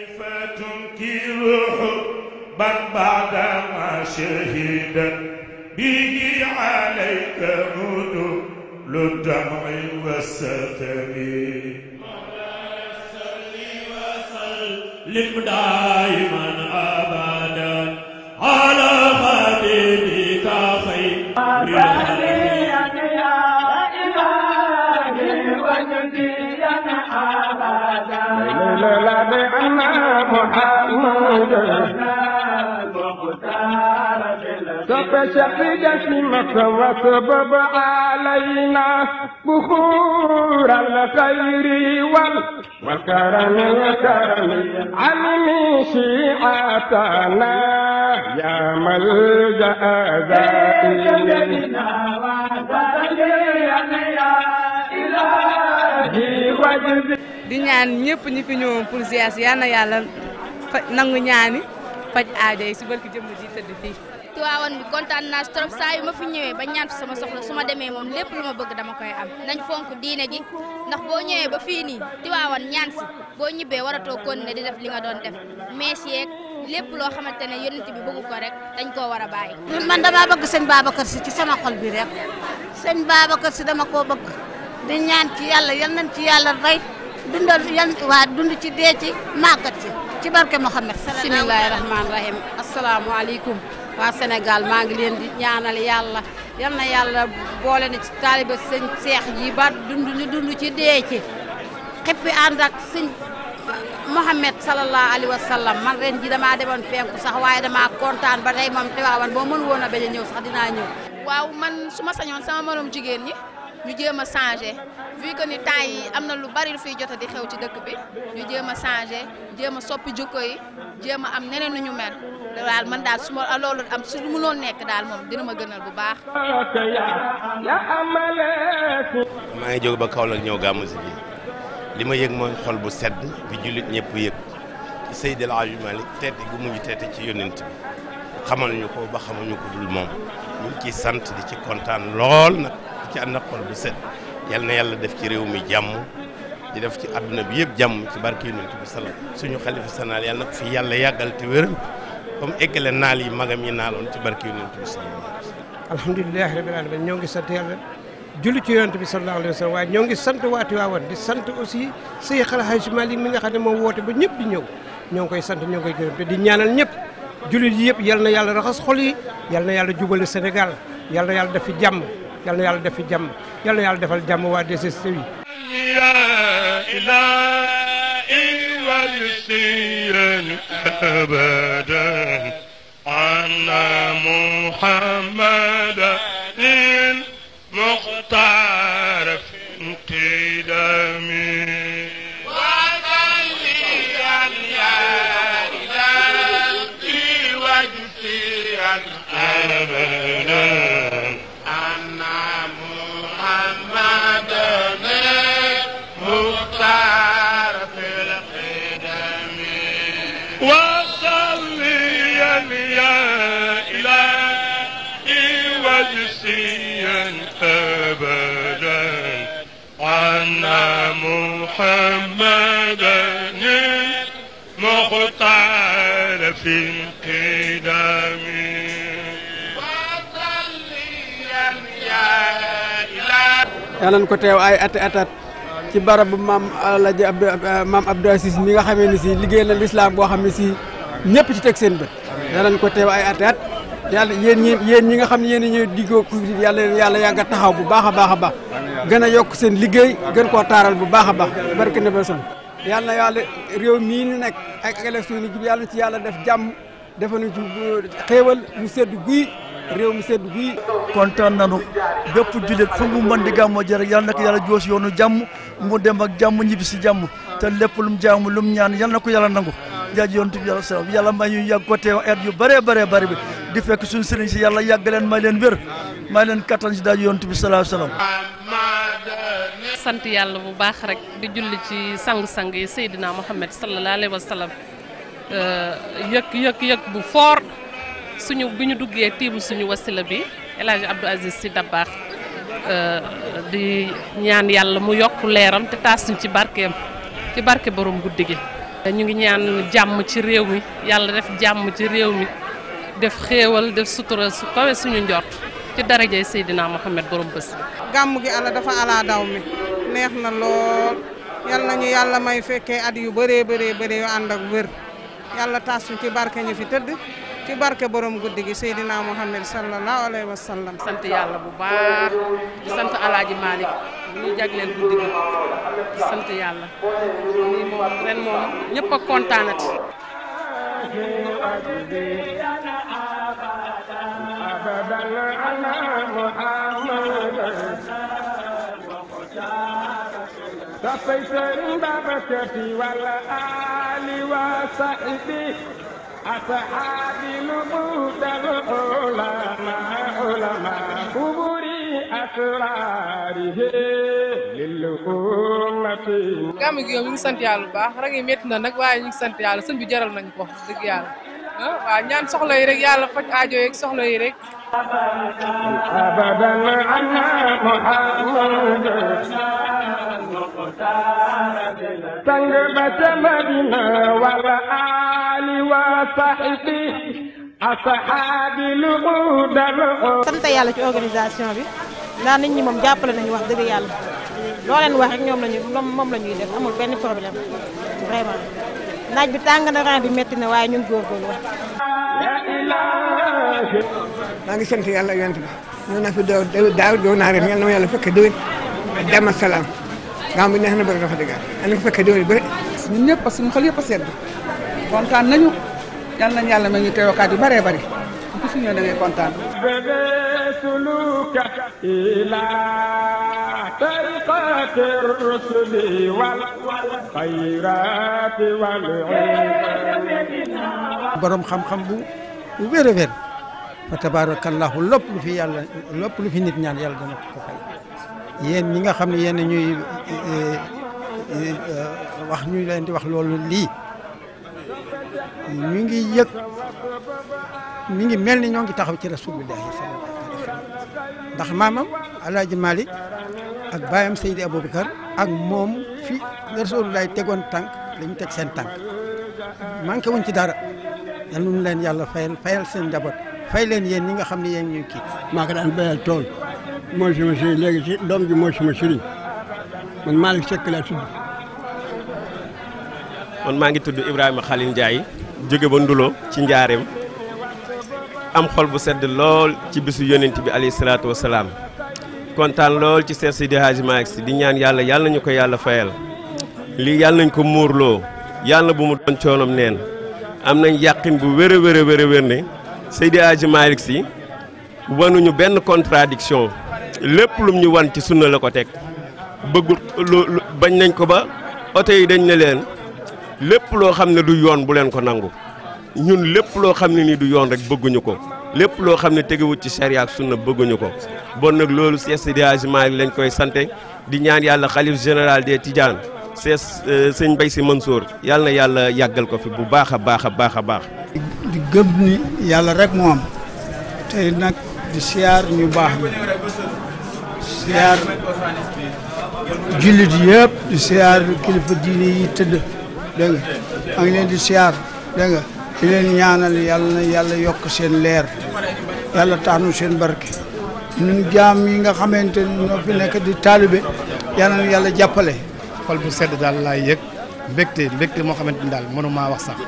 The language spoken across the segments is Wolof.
كيف تنكر حبا بعدما شهدت به عليك عدو للدمع والسكن لم دائما ابدا على حبيبك خير يا اله وجدي فشقدت مكة وسبب علينا بخور الخير وال والكرم الكرم علم شيعتنا يا ملجأ ذائنا وسجينا يا di ñaan ñëpp ñi fi ñëwoon pour ziar si yal na yàlla nangu ñaani faj aajo yi si barki jëmm ji tëdd fii. Tiwaawan bi kontaan naa si trop saa yu ma fi ñëwee ba ñaan fi sama soxla su ma demee moom lépp lu ma bëgg dama koy am nañ fonk diine ji ndax boo ñëwee ba fii nii Tiwaawan ñaan si boo ñibbee waratoo continuer di def li nga doon def mees yeeg lépp loo xamante ne yonent bi bëgg ko rek dañ koo war a bàyyi. man damaa bëgg sëñ Babacar si ci sama xol bi rek sëñ Babacar si dama koo bëgg. di ñaan ci yàlla yal nañ ci yàlla rey dundal yan waa dund ci dee ci màggat ci ci barke Mouhamed. bismillaahi rahmaani rahiim asalaamualeykum waa senegal maa ngi leen di ñaanal yàlla yal na yàlla boole na ci taaliba sëñ seex yi ba dund ñu dundu ci dee ci xippi ànd ak sëñ Mouhamed sallallahu alayhi sallam man ren ji damaa demoon penku sax waaye damaa kontaan ba tey moom te waawan boo mën woon a bañ ñëw sax dinaa ñëw. waaw man su sañoon sama morom jigéen ñi. ñu jéem a changé vu ni temps am na lu bari lu fiy jot di xew ci dëkk bi ñu jéem a changé soppi jukko yi jéem am neneen nu ñu mel daal man daal su ma loolu am su mënoon nekk daal moom dina ma gënal bu baax. maa ngi jóg ba Kaolack ñëw gàmmu si bi li ma yëg mooy xol bu sedd bi jullit ñëpp yëg ci Seydi El Hadji Malick teete gu mu teete ci yónent bi xamal ñu ko ba xamuñu ko dul moom ñu ngi sant di ci kontaan lool nag. ci ànd ak xol bu set yal na yàlla def ci réew mi jàmm di def ci àdduna bi yëpp jàmm ci barke yonent bi salaam suñu xalifa sanaal yàlla na ko fi yàlla yàggal te wéral comme eggale naal yi magam yi naaloon ci barke yonent bi salaam alhamdulilahi rabbil alamin ñoo ngi sant yàlla julli ci bi sallallahu alayhi wa ngi waa Tiwaawan di sant aussi Seydi El Hadji mi nga xam ne moom woote ba ñëpp di ñëw ñoo ngi koy sant ñoo ngi koy gërëm te di ñaanal ñëpp jullit yi yëpp yal na yàlla raxas xol yi yal na yàlla jubale Sénégal yal yal na yàlla def fi jàmm yal na yàlla defal jàmm waa DSTV yi وأن محمدا المختار في القدم yàlla na ko teew ay at atat ci barabu maam Alaaji maam Abdou mi nga xamee ni si liggéey na lislaam boo xam ne si ñëpp ci teg seen bët yàlla na ko teew ay at at yàlla yéen ñi yéen ñi nga xam ne yéen a ñëw diggoo yàlla yàlla yàgg a bu baax a a baax gën a yokk seen liggéey gën koo taaral bu baax a baax barke na ba son yàlla na yàlla réew mii ni nekk ak élection ni jub yàlla ci yàlla def jàmm defa nu ci xéewal mu sedd réew mi sedd guy kontaan nanu bépp jullit fu mu mën di gàmmoo jërek yàlla na ko yàlla joosi yoonu jàmm mu dem ak jàmm ñibbi si jàmm te lépp lum jàmm lum ñaan yàlla na ko yàlla nangu jaaj yoon tub yàlla salaam yàlla may ñu ko teew at yu bëree bëree bëri bi di fekk suñu sëriñ si yàlla yàgg leen may leen wér may leen kattan si daaj yonent bi salaahu salaam. sant yàlla bu baax rek di julli ci sang-sang yi Seydina Mohamed sallallahu alayhi wa euh, yëkk yëg yëg bu foor suñu bi ñu duggee tiim suñu wasila bi El Hadj Abdou Aziz Sy Dabakh euh, di ñaan yàlla mu yokk leeram te taas ci barkeem ci barke borom guddi gi. ñu ngi ñaan jàmm ci réew mi yàlla def jàmm ci réew mi. def xéewal def sutura su kawe suñu njort ci darajay Seydina Mohamed borom bés bi. gàmm gi ala dafa ala daw mi neex na lool yal nañu yàlla may fekkee at yu bëree bëree bëree yu ànd ak wér yàlla tas ci barke ñu fi tëdd ci barke borom guddi gi Seydina Mohamed sallallahu alayhi wa sallam. sant yàlla bu baax di sant Alaaji Malick ñu jagleel guddi gi di sant yàlla lii moom ren moom ñëpp a kontaanati. محمدا صفي سرين بابك في ولا آل وصحبي أصحابي نبوت العلماء علماء قبوري أسراره gàmmu gi yow ngi sant yàlla bu baax rek na nag waaye ñu ngi sant yàlla sëñ bi jaral nañ ko wax dëgg yàlla ah, ñaan soxla yi rek yàlla faj aajo yeeg soxla yi rek أبدا أنا محمد تنقبة مدينة ولا آلي وصحبي أصحابي لغود sant yàlla ci organisation bi ndax nit ñi moom jàppale nañu wax dëgg yàlla loo leen wax rek ñoom lañu moom la ñuy def amul benn problème vraiment naaj bi tàng na rang bi métti na waaye ñun góorgóorlu wax maa ngi sant yàlla yonent ba ñoo naa fi daaw daaw doo naa ren yàlla na ma yàlla fekke déwén ak jàmm ak salaam nga xam bi neex na bëri dafa dëgg yàlla ko fekke déwén bëri ñun ñëpp parce que suñu xol yëpp a sedd kontaan nañu yàlla nañ yàlla ma ngi koy wakaat yu bëree bëri ku si ñëw da ngay kontaan سلوكك إلى طريقة الرسل والخيرات والعلم borom xam-xam bu wér a wér fa tabaarakallaahu lépp lu fi yàlla lopp lu fi nit ñaan yàlla dana ko fay yéen ñi nga xam ne yéen ñuy eh, eh, wax ñu leen di wax loolu lii ñu ngi yëg mi ngi mel ni ñoo ngi taxaw ci rasulillahi sallallahu alayhi wa sallam maamam alaaji Malick ak baayam Seydi Aboubacar ak moom fi rasulillahi tegoon tànk lañu teg seen tànk manqué wuñ ci dara yal nañu leen yàlla fayal fayal seen njaboot fay leen yéen ñi nga xam ne yéen ñuy kii. maa ko daan béyal tool mooy sama sëriñ léegi si doom ji mooy sama sëriñ man Malick Seck laa tudd. man maa ngi tudd Ibrahima Khalil njaay jóge ba Ndulo ci njaareem am xol bu sedd lool ci bisu yonent bi alayhi salaatu wa kontaan lool ci seet si di Hadji Malick Sy di ñaan yàlla yàlla nañu ko yàlla fayal lii yàlla nañ ko muurloo yàlla bu mu doon coonom neen am nañ yàqin bu wér a wér a ne Seydi Hadji Malick wanuñu benn contradiction lépp lum ñu wan ci sunna la ko teg bëggul lu bañ nañ ko ba oto yi dañ ne leen lépp loo xam ne du yoon bu leen ko nangu ñun lépp loo xam ne nii du yoon rek bëgguñu ko lépp loo xam ne tegewut ci charia ak sunna bëgguñu ko bon nag loolu Seex Seydi lañ koy sante di ñaan yàlla xalif général des Tidianes Seex sëñ Mbay Si Mansour yàlla na yàlla yàggal ko fi bu baax a baax a baax a baax di gëm ni yàlla rek moom am nag di siyaar ñu baax na siyaar jullit yëpp di siyaar kilifa diine yi tëdd dégg nga ngi leen di siyaar dégg nga leen ñaanal yàlla na yàlla yokk seen leer yàlla tax seen barke ñun jaam yi nga xamante ñoo fi nekk di taalibe yàlla na yàlla jàppale xol bu sedd daal laay yëg mbégte mbégte moo xamante ni daal mënu maa wax sax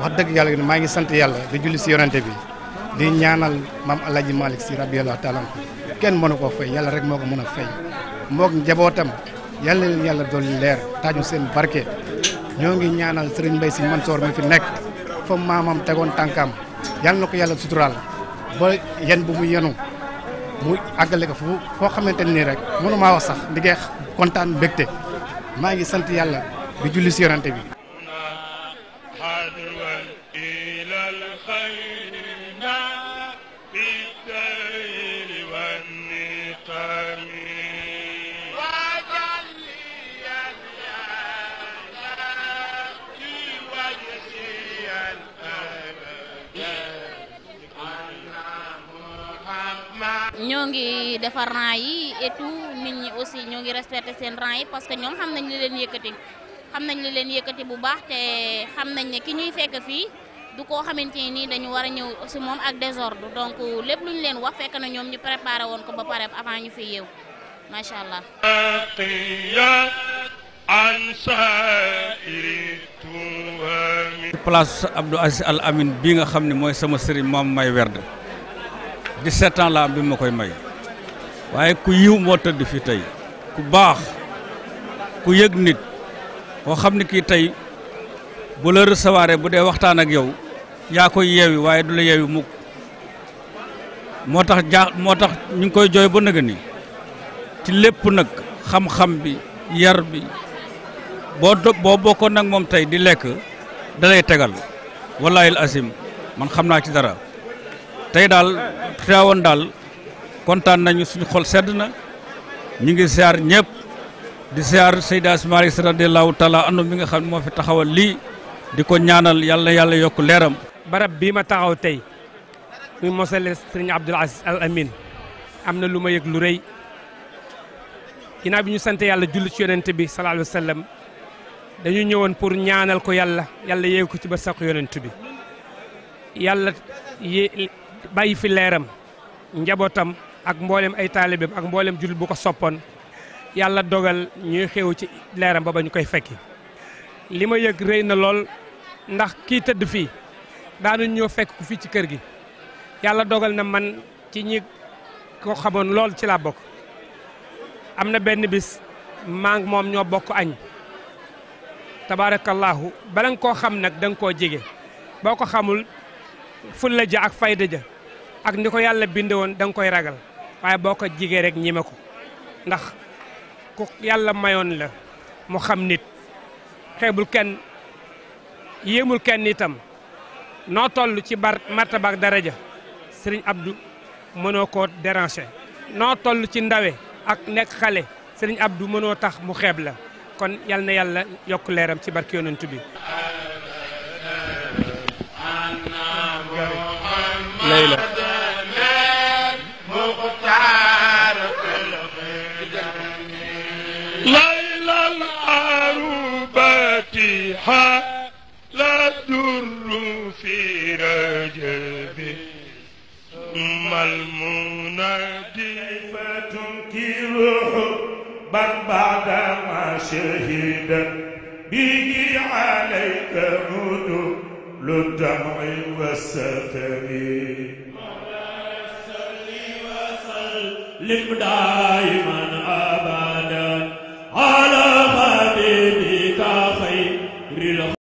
wax dëgg yàlla maa ngi sant yàlla di julli si yonante bi di ñaanal maam El Hadj Malick si rabiyallahu taala kenn mënu koo yàlla rek moo ko mën a fay moog njabootam yàlla leen yàlla dolli leer taaju seen barke. ñoo ngi ñaanal sëriñ Mbaye si Mansoor mi fi nekk fa maamam tegoon tànkaam yàlla na ko yàlla suturaal ba yen bu mu yenu mu àggale ko fu foo xamante nii rek mënu maa wax sax di kontaan mbégte maa ngi sant yàlla di julli si yonante bi. ñoo ngi defar rang yi et tout nit ñi aussi ñoo ngi respecté seen rang yi parce que ñoom xam nañ li leen yëkkati xam nañ li leen yëkkati bu baax te xam nañ ni ki ñuy fekk fii du koo xamante ni nii dañu war a ñëw si moom ak désordre donc lépp lu leen wax fekk na ñoom ñu préparé woon ko ba pare avant ñu fi yeew macha allah. place Abdou Aziz Al Amin bii nga xam ne mooy sama sëriñ moom may werd 17 ans la am bi ma koy may waaye ku yiw moo tëdd fi tey ku baax ku yëg nit koo xam ne kii tey bu la recevoir bu dee waxtaan ak yow yaa koy yeewi waaye du la yeewi mukk moo tax jaa moo tax ñu ngi koy jooy ba nëga ni ci lépp nag xam-xam bi yar bi boo boo bokkoon nag moom tey di lekk dalay tegal wallaayil asim man xam naa ci dara tey daal teewoon daal kontaan nañu suñu xol sedd na ñu ngi siyaar ñëpp di siyaar Seydi Hadji Malick Sy radiyallahu taala anhu mi nga xam ne moo fi taxawal lii di ko ñaanal yàlla yàlla yokk leeram barab bii ma taxaw tey muy mosale Sëriñ Abdoul Aziz Al Amin am na lu ma yëg lu rëy ginnaaw bi ñu sant yàlla julli ci yonent bi sallallahu alayhi wa dañu ñëwoon pour ñaanal ko yàlla yàlla yéegu ko ci ba saq yonent bi yàlla bàyyi fi leeram njabootam ak mboolem ay taalibeem ak mboolem jullit bu ko soppoon yàlla dogal ñuy xew ci leeram ba ba koy fekki li ma yëg rëy na lool ndax kii tëdd fii daanuñ ñoo fekk ku fii ci kër gi yàlla dogal na man ci ñi ko xamoon lool ci la bokk am na benn bis maa moom ñoo bokk añ tabaarakallaahu bala nga koo xam nag dang koo jege boo ko xamul fulla ja ak fayda ja ak ni ko yàlla binde woon da koy ragal waaye boo ko jigee rek ñime ko ndax ku yàlla mayoon la mu xam nit xeebul kenn yéemul kenn itam noo toll ci bar martaba ak daraja sëriñ Abdou mënoo ko déranger noo toll ci ndawe ak nekk xale ab du mënoo tax mu xeeb la kon yalla na yàlla yokk leeram ci barke yonent bi ليلى ليلى العروبة لا در في رجب ثم المنادي فتنكر حبا بعدما شهد به عليك هدوء الدمع والسفر وسلم دائما أبدا